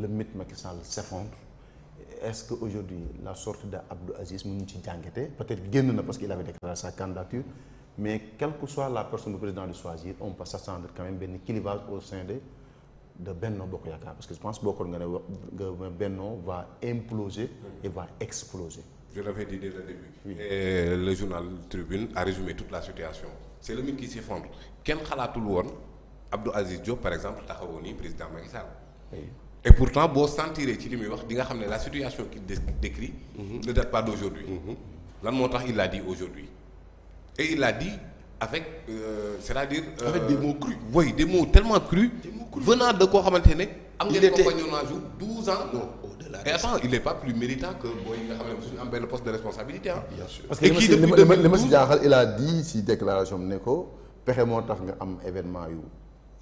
le mythe Macky s'effondre est-ce qu'aujourd'hui la sorte d'Abdou Aziz mu peut-être parce qu'il avait déclaré sa candidature mais quelle que soit la personne du président de choisir on peut s'attendre quand même un clivage au sein de de Benno Bokk parce que je pense que Benno va imploser et va exploser je l'avais dit dès le début le journal Tribune a résumé toute la situation c'est le mythe qui s'effondre tout le monde, Abdou Aziz Diop par exemple taxawoon président Macky et pourtant si on la situation qu'il décrit mhm. ne date pas d'aujourd'hui mhm. lan il l'a dit aujourd'hui et il l'a dit avec euh, euh, des mots crus. oui des mots tellement crus. venant de quoi il 12 ans. et il n'est pas plus méritant que le poste de responsabilité il a dit si déclaration événement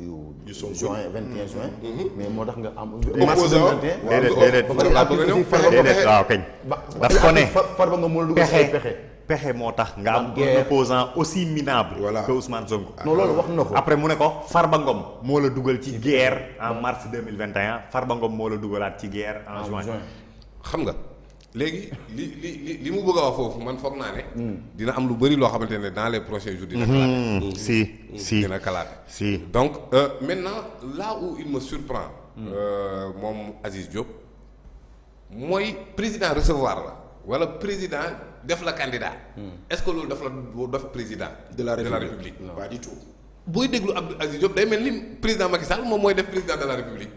yu juin 21 juin. Mm-hmm. Mm-hmm. mais moo tax nga am. mars 21 déedéet déedéet waaw kañ. daf ko ne farba nga mën a dugal ay pexe. pexe moo tax nga am un opposant aussi minable. voilà que Ousmane Sonko. non loolu wax na ko. après mu ne ko Farba Ngom moo la dugal ci guerre en mars 2021 Farba Ngom moo la dugalaat ci guerre en juin. xam nga. légi li li li li mu bëgg a wax foofu man foog naa ne. Hmm. dina am lu bëri loo xamante ne dans les prochains jours. dina hmm. kalaate hmm. si si dina kalaate si donc euh, maintenant là où il me surprend. Euh, moom Aziz Diop. mooy président recevoir la wala président def la candidat. est-ce que loolu daf la def président. de la république pas du tout. booy déglu Abdou Aziz Diop day mel ni président Macky Sall moom mooy def président de la république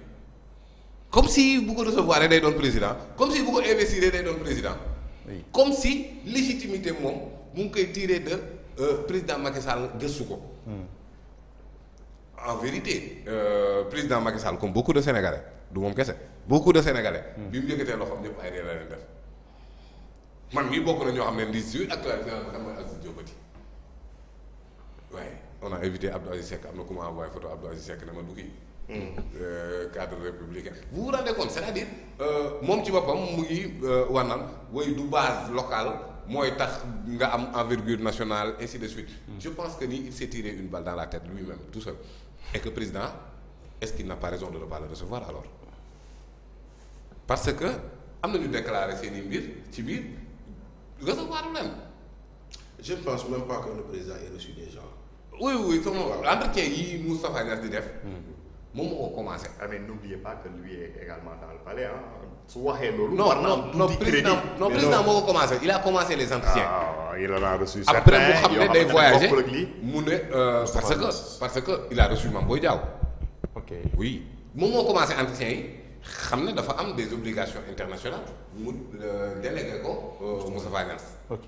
comme si bu ko recevoir day donne président comme si beaucoup ko investir day donne président. Oui. comme si légitimité moom mu ngi koy tiré de euh, président Macky Sall gëstu ko. Hmm. en vérité euh, président Macky Sall comme beaucoup de sénégalais du moom kese beaucoup de sénégalais. Hmm. bien mu yëkkatee loxoom ñëpp ay réer la leen def. man mii bokk na ñoo xam ne ndi si actualité Aziz Diopati Ouais, on a évité Abdou Aziz Seck am na ku avoir photo Abdou Aziz Seck ne ma du Hmm. Euh, cadre républicain vous vous rendez compte c'est-à-dire mon petit papa, mu ngi euh, war du base locale moi tax nga am envergure nationale ainsi de suite hmm. je pense que il s'est tiré une balle dans la tête lui-même tout seul et que président est-ce qu'il n'a pas raison de ne pas le recevoir alors parce que am a déclaré déclarer ses mbir ci biir recevoir même. je ne pense même pas que le président ait reçu des gens oui oui tout monde. entretien Moustapha Niass di def hmm. Ah, mais n'oubliez pas que lui est également dans le palais hein. non, non non non président non il a commencé les entretiens. Ah, il en a reçu certains après vous xam des voyages. Euh, parce que parce que il a reçu Mame ok oui a commencé l'entretien. yi des obligations internationales délégué ko euh, Moussa ok.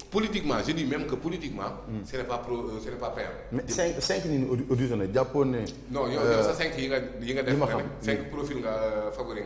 politiquement, je dis même que politiquement, hmm. ce n'est pas, euh, Mais 5 ni aujourd'hui, on est japonais. Non, il y a 5 qui sont favoris. profils euh, favoris.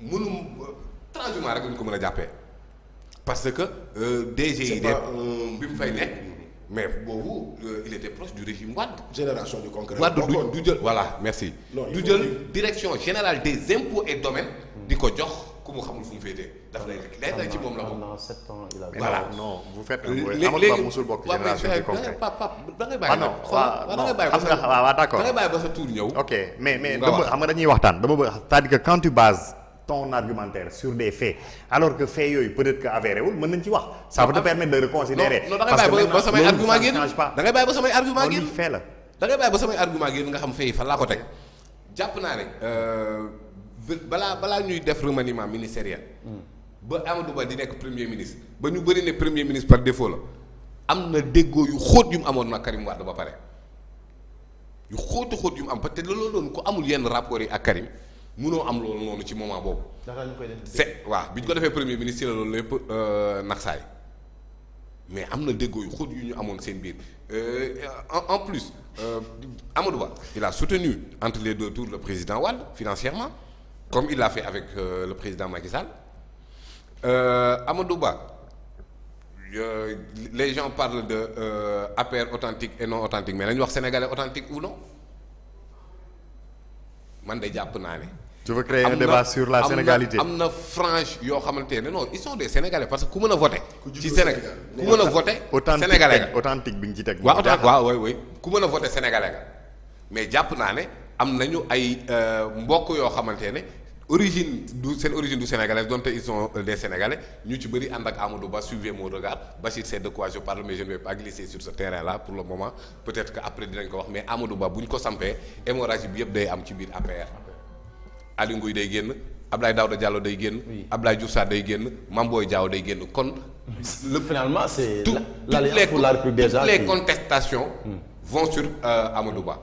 Nous parce que DGID euh, mm-hmm. mais euh, il était proche du régime génération du concret voilà merci direction générale des impôts et domaines mm-hmm. jox vous xamul voilà non vous faites d'accord dire quand tu bases ton argumentaire sur des faits alors que faits yooyu peut-être que avéré wul mën nañ ci wax. ça va te ah, permettre de reconsidérer. non non da ngay bàyyi ba samay argument génn da ngay ba samay argument génn nga xam fee yi fan laa ko teg jàpp naa ne euh, balaa balaa ñuy def remaniement ministériel. Hmm. ba Amadou Ba di nekk premier ministre ba ñu bëri ne premier ministre par défaut la am na déggoo yu xóot yu mu amoon nag Karim Wade ba pare yu xóotu xóot yu am parce que loolu doon ko amul yenn rapport yi ak Karim. mënoo am loolu noonu ci moment boobu. c'est waaw bi ñu ko defee premier ministre loolu lépp naxsaay euh, mais am na déggoo yu xóot yu ñu amoon seen biir euh, en plus euh, Amadou Ba il a soutenu entre les deux tours le président Wall financièrement comme il l'a fait avec le président Macky Sall Amadou Ba. les gens parlent de appel authentique et non authentique mais nañu wax sénégalais authentique ou non man de jàpp naa tu veux créer un débat sur la sénégalité am frange non ils sont des sénégalais parce que comment mën voter sénégalais ci Sénégal ku sénégalais authentique bi nga ci teg. Oui, waaw waaw sénégalais mais Japonais, naa ne am nañu ay euh, mbokk origine du seen origine du sénégalaise Donc ils sont euh, des sénégalais ñu ci bëri ànd mon regard Bachir c'est de quoi je parle mais je ne vais pas glisser sur ce terrain là pour le moment peut-être que après dinañ ko wax mais Amadou Ba bu ñu ko sampee hémorragie bi yëpp day am ci biir APR. Aliou Nguy day génn Abdoulaye Daouda Diallo day génn. Abdoulaye Diouf Sarr day génn Mame Boye Diao day génn kon. le finalement c'est tout, l'alliance pour la République déjà les contestations hmm. vont sur euh, Amadou Ba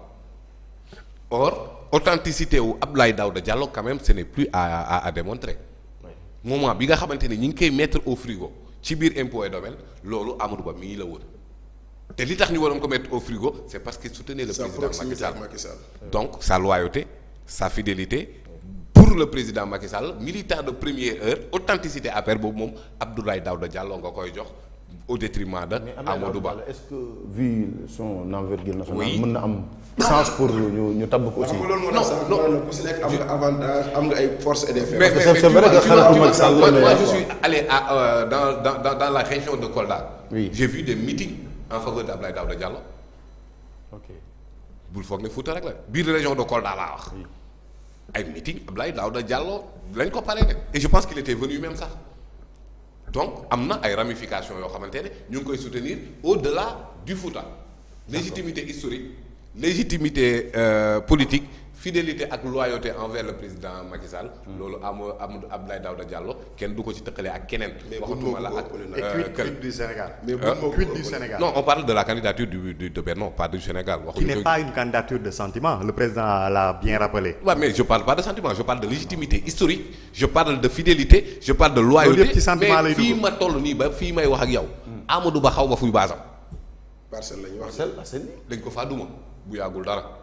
or authenticité wu Abdoulaye Daouda Diallo quand même ce n'est plus à à, à démontrer moment bi nga xamanteni ni ngi koy mettre au frigo ci biir impôt et domaine lolu Amadou Ba mi ngi la woon té li tax ñu waroon ko mettre au frigo c'est parce qu'il soutenait le président Macky Sall donc sa loyauté sa fidélité pour le président Macky Sall militant de première heure authenticité à boobu moom Abdoulaye Daouda Diallo nga koy jox au détriment de Amadou Ba. est-ce que vu son envergure nationale. oui a un sens pour nous, nous aussi. non non ku si nekk am nga avantage am forces et des mais c'est vrai que xalaatu Macky Sall la moi je suis allé à euh, dans dans dans la région de Kolda. j'ai vu des meetings en faveur d'Abdoulaye Daouda Diallo. ok bul le ne Fouta rek la région de Kolda laa wax et je pense qu'il était venu même ça. donc y a des ramifications Nous soutenir au-delà du football, légitimité historique légitimité euh, politique fidélité et loyauté envers le président Macky Sall. loolu amoo Amadou Abdoulaye Daouda Diallo qui du ko ci tëqalee ak keneen. waxatuma la ak mais euh, quid du Sénégal. Euh, mais quid du Sénégal. non on parle de la candidature du de Benno pas du Sénégal. qui n'est pas une candidature de sentiment le président l'a bien rappelé. Oui, mais je parle pas de sentiment je parle de légitimité historique je parle de fidélité je parle de loyauté mais fii ma toll nii ba fii may wax ak yow. Amadou Ba xaw ma fuy baasam. parcelle lañu wax parcelle dañ ko faa duma bu yàggul dara.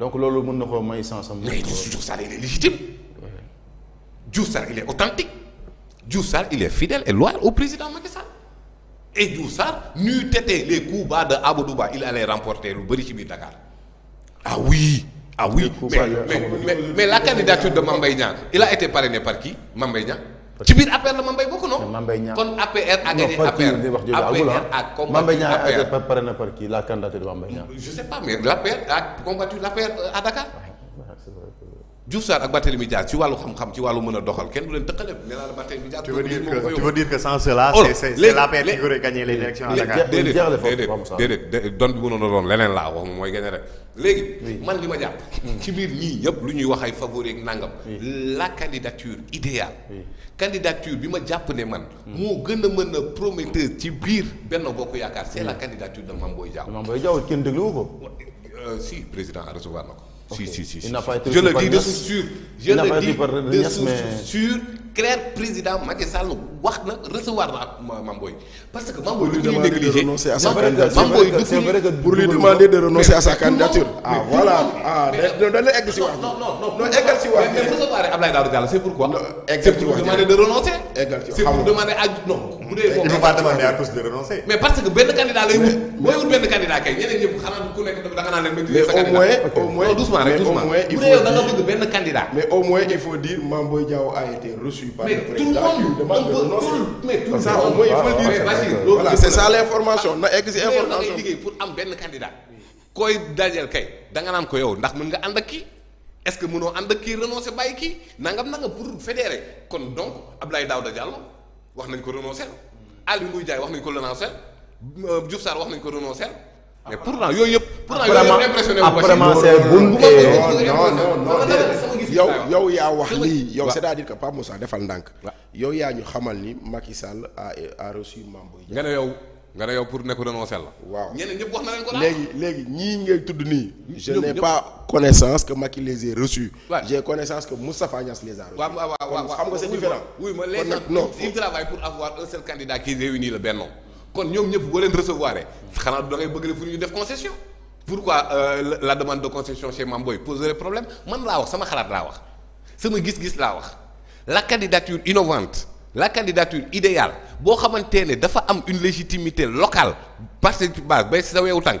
donc monde mën na ko may ensemble. ensemble. mais Djoussar, il est légitime. Djoussar, il est authentique Djoussar, il est fidèle et loyal au président Macky Sall. et Djoussar, nous n'eût les coups bas de Abu Douba, il allait remporter le bëri Dakar ah oui. ah oui mais mais, la candidature de Mame il a été parrainé par qui Mame ci biir APR la Mame Mbaye bokk noonu. APR a ah. gagné APR APR a combattu APR la candidature de Mame Mbaye je sais pas mais l'APR a combattu l'APR à Dakar. Diouf Sarr ak Barthélémy Dias ci wàllu xam-xam ci wàllu mën a doxal kenn du leen tëkkale nee la Barthélémy Dias. tu veux oh, don bi mënoon na doon leneen mooy gagné rek. man li ma jàpp. Mm. ci biir ñii ñëpp lu ñuy wax ay favori ak nangam. la candidature idéale. candidature bi ma jàpp man. Mm. moo gën a mën a prometteuse ci biir benn bokk yaakaar c'est mm. la candidature de Mame Boye Diao. Mame Boye Diao kenn dégluwu ko. Euh, si président recevoir na ko Si, si, si. Je le dis de sûr. Je le dis de sûr clair président Macky Sall wax na recevoir na Mamboy parce que Mamboy lui lu ñuy négligé Mamboy du ko pour lui demander de renoncer à sa candidature ah voilà ah dañ la egg non non non eggal si wax mais recevoir Abdoulaye Daouda Diallo c'est pourquoi c'est pour demander de renoncer égal si c'est pour demander à non bu dee il va demander à tous de renoncer mais parce que ben candidat lay wut mooy wut benn candidat kay ñeneen ñëpp xanaa ku nek da nga naan leen sa candidat mais au moins au moins doucement rek doucement bu dee yow da nga mais au moins il faut dire Mamboy Diao a été reçu suis pas mais le président qui demande de renoncer. mais tout le monde ça au moins il faut le dire. voilà c'est ça l'information na egg si information. da ngay liggéey pour am benn candidat. koy dajeel kay da nga naan ko yow ndax mën nga ànd ak kii est-ce que mënoo ànd ak kii renoncer bàyyi kii nangam nangam pour fédérer kon donc Abdoulaye Daouda Diallo wax nañ ko renoncer Aly Ngouille Ndiaye wax nañ ko renoncer Diouf Sarr wax nañ ko renoncer. mais pourtant yooyu yëpp. pourtant yooyu yëpp impressionné wu. non non non yow yow yaa wax lii yow c'est-à-dire que Pape Moussa defal ndànk. yow yaa ñu xamal ni Macky Sall a a reçu Mamboy. Boye nga ne yow nga ne yow pour nekk renoncé la. waaw ñeneen ñëpp wax na leen ko la léegi léegi ñii ngay tudd nii. je n'ai pas connaissance que Macky les a reçus. j'ai connaissance que Moustapha Niass les a reçus. waaw waaw waaw xam nga c'est différent. oui ma léegi non il travaille pour avoir un seul candidat qui réunit le Benno kon ñoom ñëpp boo leen recevoir eh, xanaa da ngay bëgg fu ñu def concession pourquoi euh, la demande de concession chez Mamboy poserait problème Je ne wax sama je ne wax sama gis-gis la wax la candidature innovante la candidature idéale si xamante une légitimité locale parce que base bay si sa weewu tànk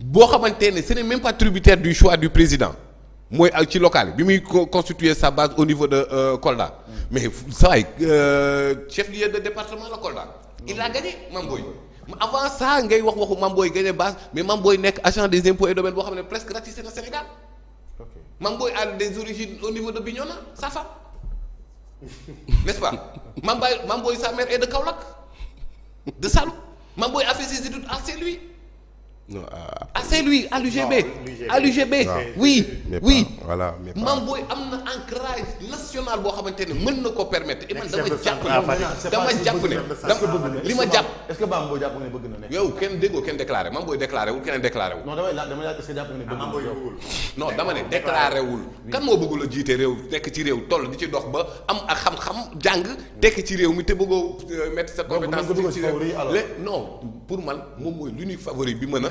boo ce n'est même pas tributaire du choix du président Moi, est ci local bi a constituer sa base au niveau de euh, Kolda mm. mais le euh, chef lieu de département de Kolda il a gagné Mamboy avant ça ngay wax waxu Mamboy Boye Diagne Basse mais Mamboy achète agent des impôts et domaines bo xamné presque ratissé na Sénégal ok Mame a des origines au niveau de Bignona sa femme n'est-ce pas Mamboy, sa mère est de Kaolack de Salou. Mamboy a fait ses études à celui non, à, à à l'UGB. À l'UGB, oui, mais oui. Pas, voilà, un ancrage national qui peut le permettre. Et je suis Est-ce que ne un Yo, ken dégo, ken je Mam Boy déclaré ou ken déclaré Non, dama la que japp ne Non, ne déclaré wul. Kan mo je jité suis nek ci toll di ci dox ba am ak xam xam jang tek mettre sa compétence Non, pour moi mom l'unique favori bi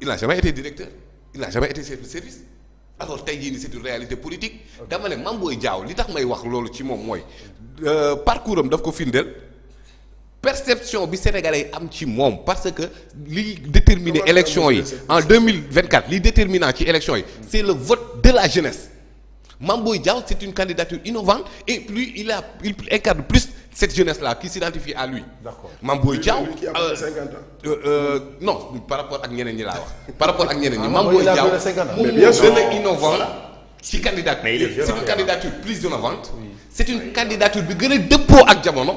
il n'a jamais été directeur il n'a jamais été chef de service alors c'est une réalité politique. dama le Mame Boye li tax may wax loolu ci moom mooy euh, parcours am daf ko perception bi sénégalais am ci parce que ce déterminer élection yi en 2024 ce qui détermine élection c'est le vote de la jeunesse Mamboy Boye c'est une candidature innovante et plus il a il incarne plus cette jeunesse-là qui s'identifie à lui. D'accord. Mam Boy Diaw. qui a euh, 50 ans. Euh, euh, non, par rapport à ñeneen ñi laa wax. par rapport à ñeneen ñi ah, Mam Boy Diaw. mais bien sûr a innovant ci candidature. c'est une candidature hein. plus innovante. c'est une candidature bi gën à dëppoo ak jamono.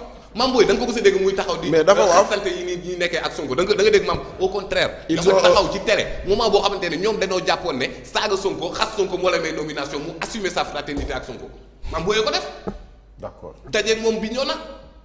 Mame Boye da nga ko gis dégg muy taxaw di. mais dafa waaw sant yi ñuy nekkee ak Sonko da nga dégg maam au contraire. dafa euh, taxaw ci tere moment boo xamante ne ñoom dañoo jàppoon ne saaga Sonko xas Sonko moo la may nomination mu assumer sa fraternité ak Sonko Mame ko def. d'accord moom bi ñoo na.